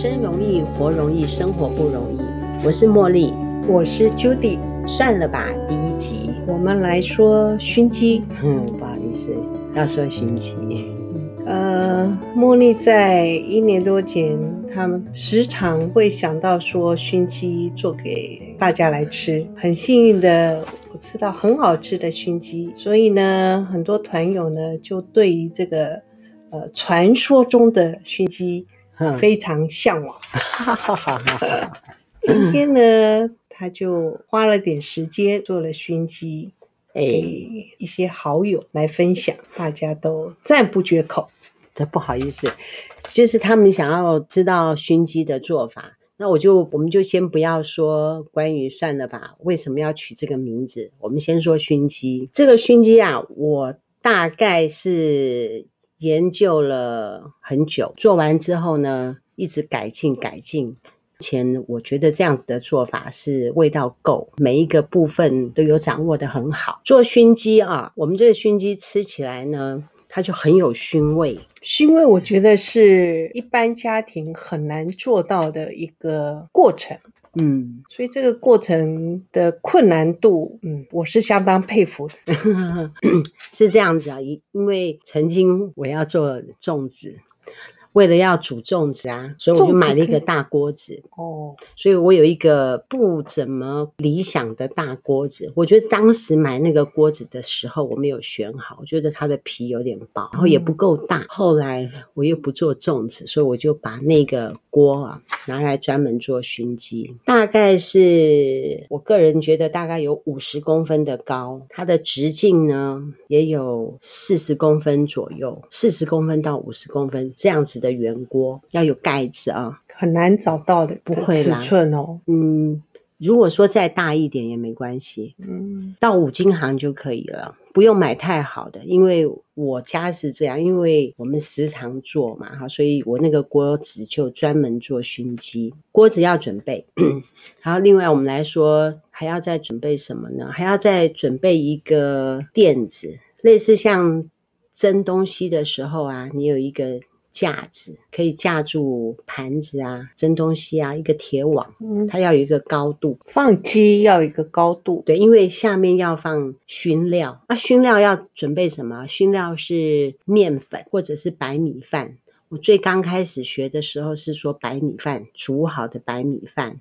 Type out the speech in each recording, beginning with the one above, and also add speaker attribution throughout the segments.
Speaker 1: 生容易，活容易，生活不容易。我是茉莉，我是 Judy。算了吧，第一集我
Speaker 2: 們來說燻雞。嗯，不好意思，
Speaker 1: 要說燻雞。嗯、
Speaker 2: 呃，茉莉在一年多前，他們時常會想到說燻雞做給大家來吃。很幸運的，我吃到很好吃的燻雞，所以呢，很多團友呢就對於這個呃傳說中的燻雞，非常嚮往。 今天呢，他就花了點時間做了燻雞，哎、嗯，給一些好友來分享，大家都讚不絕口。
Speaker 1: 這不好意思，就是他們想要知道燻雞的做法，那我就我們就先不要說關於算了吧，為什麼要取這個名字？我們先說燻雞。這個燻雞啊，我大概是。研究了很久，做完之後呢，一直改進改進。目前我覺得這樣子的做法是味道夠，每一個部分都有掌握得很
Speaker 2: 好。做燻雞啊，我們這個燻雞吃起來呢，它就很有燻味。燻味我覺得是一般家庭很難做到的一個過程。嗯，所以這個過程的困難度，嗯，我是相當佩服的， 是這樣子啊，因為曾經我要做
Speaker 1: 粽子。為了要煮粽子啊，所以我就買了一個大鍋子，粽子可以，哦。所以我有一個不怎麼理想的大鍋子。我覺得當時買那個鍋子的時候，我沒有選好，我覺得它的皮有點薄，然後也不夠大。嗯。後來我又不做粽子，所以我就把那個鍋啊拿來專門做燻雞。大概是我個人覺得大概有五十公分的高，它的直徑呢也有四十公分左右，四十公分到五十公分這樣子的。的原鍋要有蓋子啊、哦，很難找到的，
Speaker 2: 不會尺寸哦。嗯，
Speaker 1: 如果說再大一點也沒關係。嗯，到五金行就可以了，不用買太好的，因為我家是這樣，因為我們時常做嘛哈，所以我那個鍋子就專門做燻雞，鍋子要準備。然後 另外我們來說，還要再準備什麼呢？還要再準備一個墊子，類似像蒸東西的時候啊，你有一個。架子可以架住盤子啊，蒸東西啊，一個鐵網，它要有一個高度。嗯、放雞要有一個高度，對，因為下面要放燻料。那、啊、燻料要準備什麼？燻料是麵粉或者是白米飯。我最剛開始學的時候是說白米飯，煮好的白米飯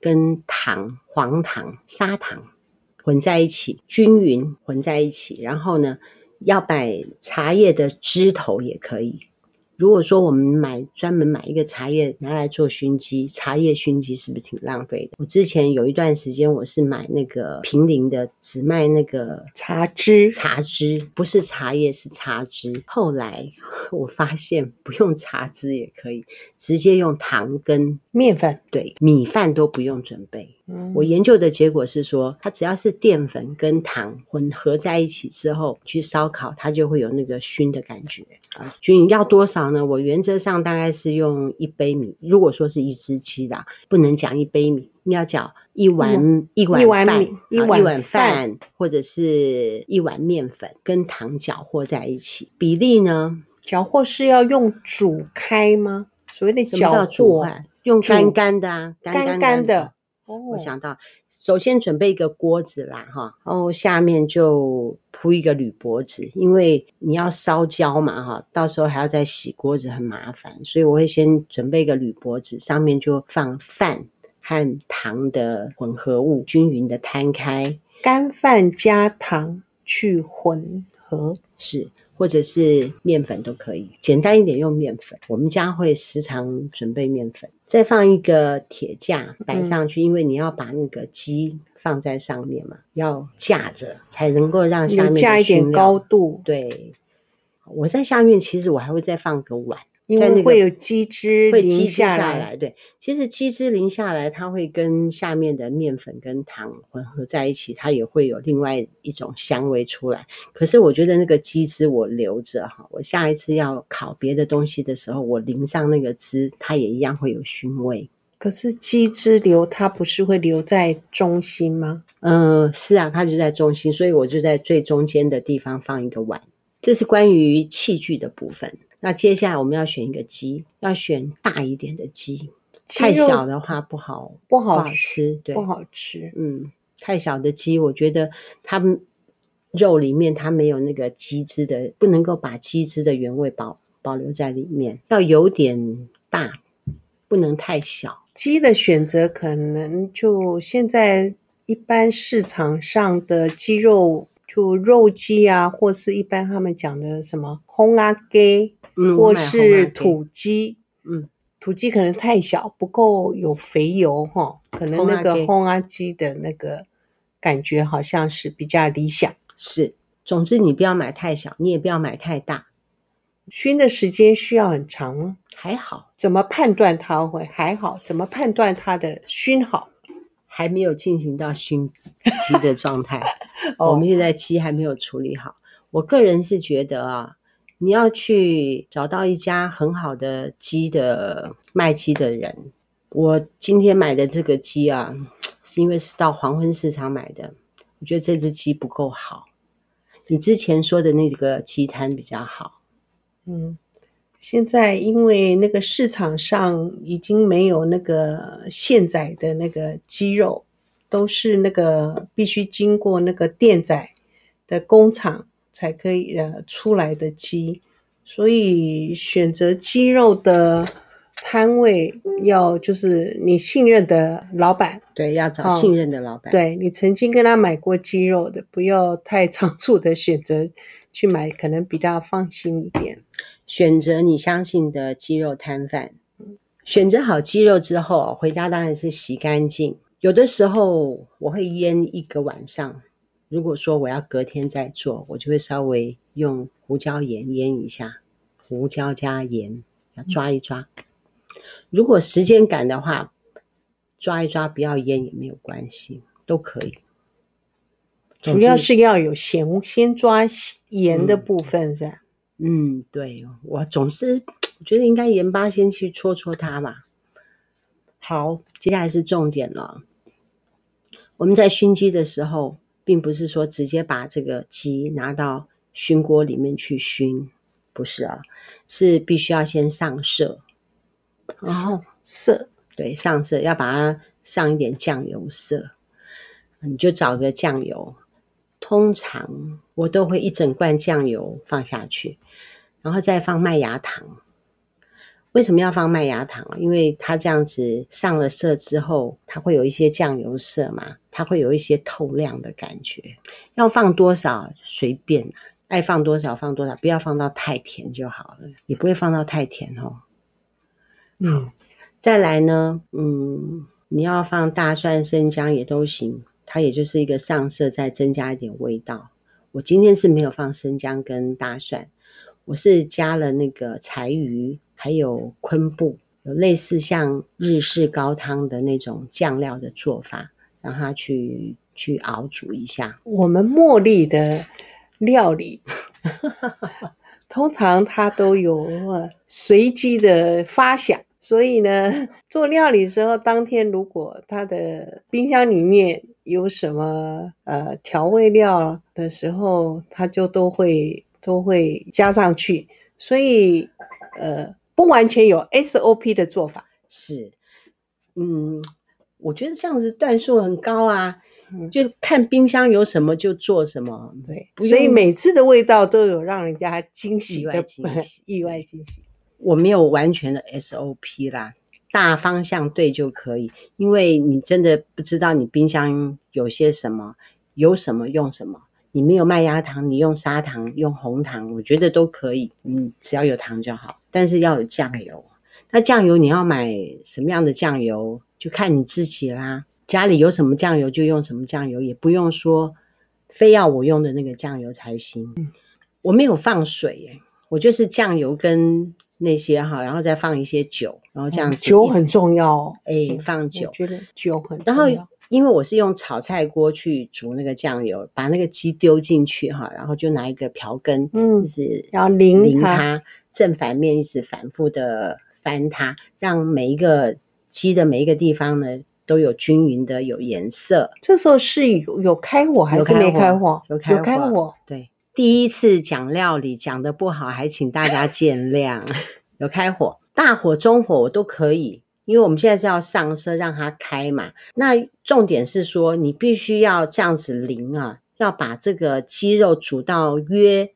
Speaker 1: 跟糖、黃糖、砂糖混在一起，均勻混在一起。然後呢，要擺茶葉的枝頭也可以。如果說我們買專門買一個茶葉拿來做燻雞，茶葉燻雞是不是挺浪費的？我之前有一段時間我是買那個平林的，只賣那個茶枝、茶枝，不是茶葉是茶枝。後來我發現不用茶枝也可以，直接用糖跟麵粉，對，米飯都不用準備。我研究的結果是說，它只要是澱粉跟糖混合在一起之後去燒烤，它就會有那個燻的感覺。你、啊、所以要多少呢？我原則上大概是用一杯米。如果說是一隻雞的，不能講一杯米，你要講一碗、嗯、一碗一碗米、啊、一碗飯，或者是一碗麵粉，粉跟糖攪和在一起。比例呢？攪和是
Speaker 2: 要用煮開嗎？所謂的攪和，煮用乾乾
Speaker 1: 的啊，乾乾的。乾乾乾的 Oh. 我想到，首先準備一個鍋子啦，哈，然後下面就鋪一個鋁箔紙，因為你要燒焦嘛，哈，到時候還要再洗鍋子很麻煩，所以我會先準備一個鋁箔紙，上面就放飯和糖的混合物，均勻的攤開，乾飯加糖去混合，是，或者是麵粉都可以，簡單一點用麵粉，我們家會時常準備麵粉。再放一個鐵架擺上去，嗯，因為你要把那個雞放在上面嘛，嗯、要架着才能夠讓下面的，加一點高度。對，我在下面其實我還會再放個碗。因為會有
Speaker 2: 雞汁淋會滴下來，
Speaker 1: 對，其實雞汁淋下來，它會跟下面的麵粉跟糖混合在一起，它也會有另外一種香味出來。可是我覺得那個雞汁我留着哈，我下一次要烤別的東西的時候，我淋上那個汁，它也一樣會有燻味。可是雞汁流它不是會留在中心嗎？嗯、呃，是啊，它就在中心，所以我就在最中間的地方放一個碗。這是關於器具的部分。那接下來我們要選一個雞，要選大一點的雞。雞太小的話不好不好，不好吃。對，不好吃。嗯，太小的雞我覺得它肉裡面它沒有那個雞汁的，不能夠把雞汁的原味保保留
Speaker 2: 在裡面，要有點大，不能太小。雞的選擇可能就現在一般市場上的雞肉，就肉雞啊，或是一般他們講的什麼烘啊雞。嗯、或是土雞，嗯，土雞可能太小，不夠有肥油哈，可能那個仿仔雞的那個感覺好像是比較理想。是，總之你不要買太小，你也不要買太大。燻的時間需要很長嗎？還好，怎麼判斷它會還好？怎麼判斷它的燻好？還沒有進行到燻
Speaker 1: 雞的狀態、 哦，我們現在雞還沒有處理好。我個人是覺得啊。你要去找到一家很好的雞的賣雞的人。我今天買的這個雞啊，是因為是到黃昏市場買的。我覺得這只雞不夠好。你之前說的那個雞攤比較好，
Speaker 2: 嗯。現在因為那個市場上已經沒有那個現宰的那個雞肉，都是那個必須經過那個電宰的工廠。才可以呃出來的雞，所以選擇雞肉的攤位要就是你信任的老闆，對，要找信任的老闆，對你曾經跟他買過雞肉的，不要太倉促的選擇去買，可能比較放心一點。選擇
Speaker 1: 你相信的雞肉攤販，選擇好雞肉之後，回家當然是洗乾淨。有的時候我會醃一個晚上。如果說我要隔天再做，我就會稍微用胡椒鹽醃一下，胡椒加鹽，要抓一抓。如果時間趕的話，抓一抓不要醃也沒有關係，都可以。
Speaker 2: 主要是
Speaker 1: 要有鹹，先抓鹽的
Speaker 2: 部分，嗯，是
Speaker 1: 吧？嗯，對，我總是我覺得應該鹽巴先去搓搓它嘛。好，接下來是重點了，我們在燻雞的時候。並不是說直接把這個雞拿到熏鍋裡面去熏，不是啊，是必須要先上色，哦，色，對，上色，要把它上一點醬油色，你就找個醬油，通常我都會一整罐醬油放下去，然後再放麥芽糖，為什麼要放麥芽糖？因為它這樣子上了色之後，它會有一些醬油色嘛，它會有一些透亮的感覺。要放多少隨便啦，愛放多少放多少，不要放到太甜就好了，也不會放到太甜哦。嗯，再來呢，嗯，你要放大蒜、生薑也都行，它也就是一個上色，再增加一點味道。我今天是沒有放生薑跟大蒜，我是加了那個柴魚。還有昆布，有類似像日式高湯的那種醬料的做法，讓它去去熬煮一下。
Speaker 2: 我們茉莉的料理，通常它都有隨機的發想，所以呢，做料理的時候，當天如果它的冰箱裡面有什麼呃調味料的時候，它就都會都會加上去，所以呃。不完全有 SOP 的做法是，嗯，
Speaker 1: 我覺得這樣子段數很高啊，嗯，就看冰箱有什麼就做什麼，對，所以每次的味道都有讓人家驚喜，意外驚喜，
Speaker 2: 意外驚喜。
Speaker 1: 我沒有完全的 SOP 啦，大方向對就可以，因為你真的不知道你冰箱有些什麼，有什麼用什麼。你沒有麥芽糖，你用砂糖、用紅糖，我覺得都可以。嗯，只要有糖就好，但是要有醬油。那醬油你要買什麼樣的醬油，就看你自己啦。家裡有什麼醬油就用什麼醬油，也不用說非要我用的那個醬油才行。我沒有放水耶、欸，我就是醬油跟。那些哈，然後再放一些酒，然後這樣子，嗯、酒很重要、哦。哎、欸，放酒，覺得酒很重要。然後因為我是用炒菜鍋去煮那個醬油，把那個雞丟進去哈，然後就拿一個瓢羹，嗯，就是要淋淋它，正反面一直反覆的翻它，讓每一個雞的每一個地方呢都有均勻的有顏色。這時候是有有開火還是沒開火？有開火。有開火。有開火。對。第一次講料理講得不好，還請大家見諒。 有開火，大火、中火我都可以，因為我們現在是要上色，讓它開嘛。那重點是說，你必須要這樣子淋啊，要把這個雞肉煮到約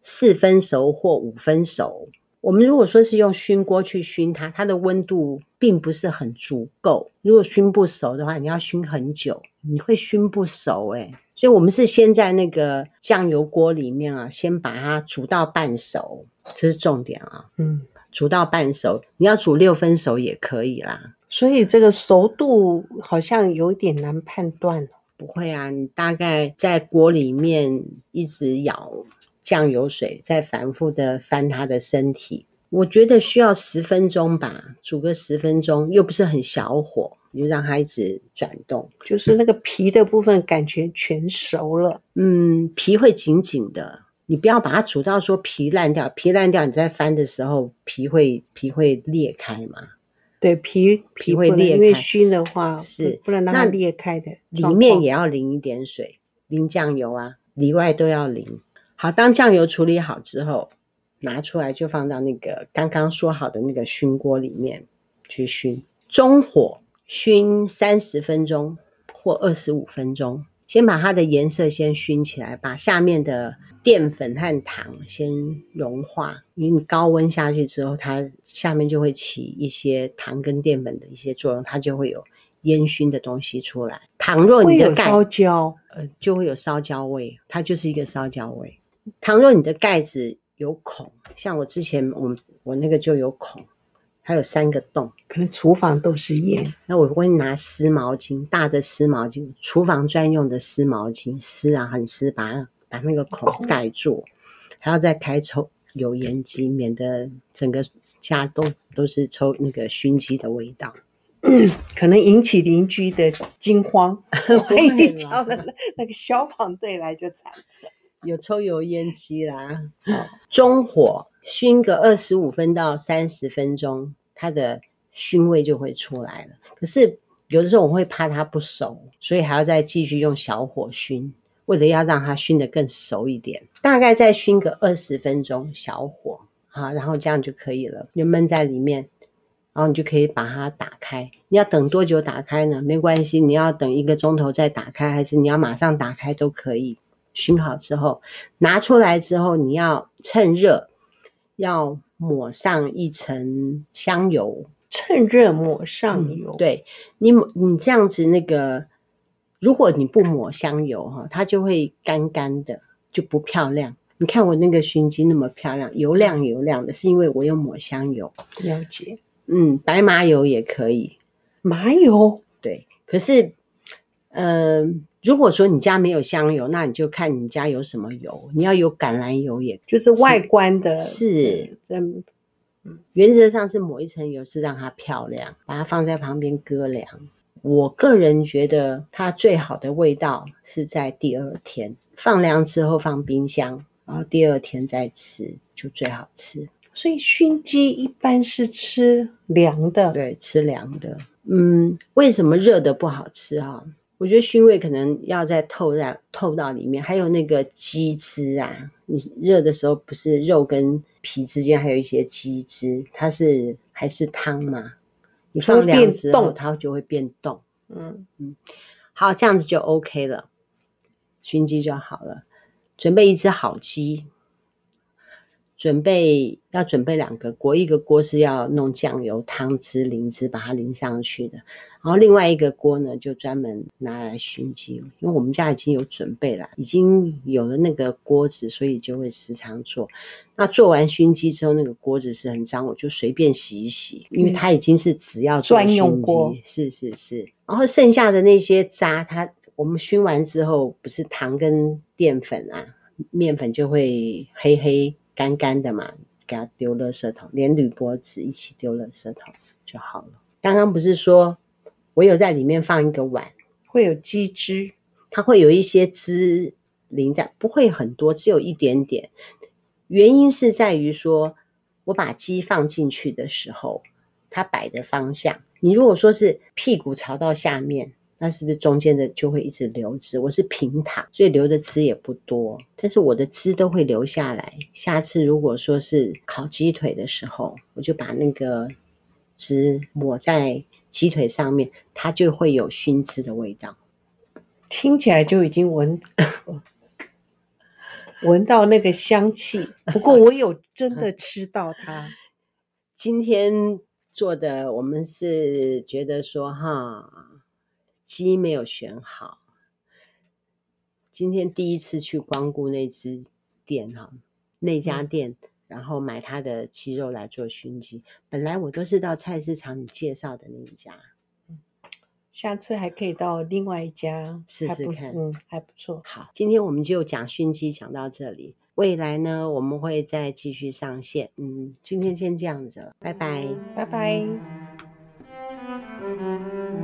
Speaker 1: 四分熟或五分熟。我們如果說是用燻鍋去燻它，它的溫度並不是很足夠。如果燻不熟的話，你要燻很久，你會燻不熟誒、欸。所以，我們是先在那個醬油鍋裡面啊，先把它煮到半熟，這是重點啊。嗯，煮到半熟，你要煮六分熟也可以啦。所以這個熟度
Speaker 2: 好像有
Speaker 1: 點難判斷。不會啊，你大概在鍋裡面一直咬。醬油水再反覆的翻它的身體，我覺得需要十分鐘吧，煮個十分鐘，又不是很小火，你就讓它一直轉動，就是那個皮的部分感覺全熟了，嗯，皮會緊緊的，你不要把它煮到說皮爛掉，皮爛掉，你在翻的時候皮會皮會裂開嘛？對，皮皮會裂開，因為燻
Speaker 2: 的話是，不能讓它裂開的，裡面
Speaker 1: 也要淋一點水，淋醬油啊，裡外都要淋。好，當醬油處理好之後，拿出來就放到那個剛剛說好的那個燻鍋裡面去燻，中火燻三十分鐘或二十五分鐘，先把它的顏色先燻起來，把下面的澱粉和糖先融化。因為你高溫下去之後，它下面就會起一些糖跟澱粉的一些作用，它就會有煙燻的東西出來。倘若你的燒焦，呃，就會有燒焦味，它就是一個燒焦味。倘若你的蓋子有孔，像我之前，我我那個就有孔，它有三個洞，可能廚房都是煙。那我會拿濕毛巾，大的濕毛巾，廚房專用的濕毛巾，濕啊，很濕，把它把那個孔蓋住，還要再開抽油煙機，免得整個家都都是抽那個燻雞的味道、嗯，可能引起鄰居的驚慌，萬一
Speaker 2: 叫了那個消防隊來就慘
Speaker 1: 有抽油煙機啦， 中火燻個二十五分到三十分鐘，它的燻味就會出來了。可是有的時候我會怕它不熟，所以還要再繼續用小火燻，為了要讓它燻得更熟一點，大概再燻個二十分鐘，小火，好，然後這樣就可以了。就悶在裡面，然後你就可以把它打開。你要等多久打開呢？沒關係，你要等一個鐘頭再打開，還是你要馬上打開都可以。燻好之後，拿出來之後，你要趁熱，要抹上一層香油。趁熱抹上油，嗯、對你抹你這樣子那個，如果你不抹香油哈，它就會乾乾的，就不漂亮。你看我那個燻雞那麼漂亮，油亮油亮的，是因為我有抹香油。了解，嗯，白麻油也可以，麻油。對，可是，嗯、呃。如果說你家沒有香油，那你就看你家有什麼油。你要有橄欖油也，也就是外觀的。是，嗯，原則上是抹一層油，是讓它漂亮，把它放在旁邊擱涼。我個人覺得它最好的味道是在第二天放涼之後放冰箱，然後第二天再吃就最好吃。
Speaker 2: 所以熏雞一般是吃
Speaker 1: 涼的，對，吃涼的。嗯，為什麼熱的不好吃哈。我覺得燻味可能要再透在透到裡面，還有那個雞汁啊，你熱的時候不是肉跟皮之間還有一些雞汁，它是還是湯嘛？你放涼之後它就會變凍。嗯嗯，好，這樣子就 OK 了，燻雞就好了。準備一只好雞。準備要準備兩個鍋，一個鍋是要弄醬油湯汁、淋汁把它淋上去的，然後另外一個鍋呢就專門拿來熏雞。因為我們家已經有準備了，已經有了那個鍋子，所以就會時常做。那做完熏雞之後，那個鍋子是很髒，我就隨便洗一洗，因為它已經是只要專用鍋，是是是，是。然後剩下的那些渣，它我們熏完之後，不是糖跟澱粉啊，麵粉就會黑黑。乾乾的嘛，給它丟垃圾桶，連鋁箔紙一起丟垃圾桶就好了。剛剛不是說，我有在裡面放一個碗，會有雞汁，它會有一些汁淋在，不會很多，只有一點點。原因是在於說，我把雞放進去的時候，它擺的方向，你如果說是屁股朝到下面。它是不是中間的就會一直流汁？我是平躺，所以流的汁也不多，但是我的汁都會流下來。下次如果說是烤雞腿的時候，我就把那個汁抹在雞腿上面，它就會有燻汁的味道。
Speaker 2: 聽起來就已經聞 聞到那個香氣。不過我有真的吃到它。
Speaker 1: 今天做的，我們是覺得說哈。雞沒有選好，今天第一次去光顧那家店哈、哦，那家店，然後買他的雞肉來做燻雞。本來我都是到菜市場你介紹的那家、嗯，
Speaker 2: 下次還可以到另外一家試試看，嗯，還不錯。好，
Speaker 1: 今天我們就講燻雞講到這裡，未來呢，我們會再繼續上線。嗯，今天先這樣子了，拜拜，拜拜。嗯。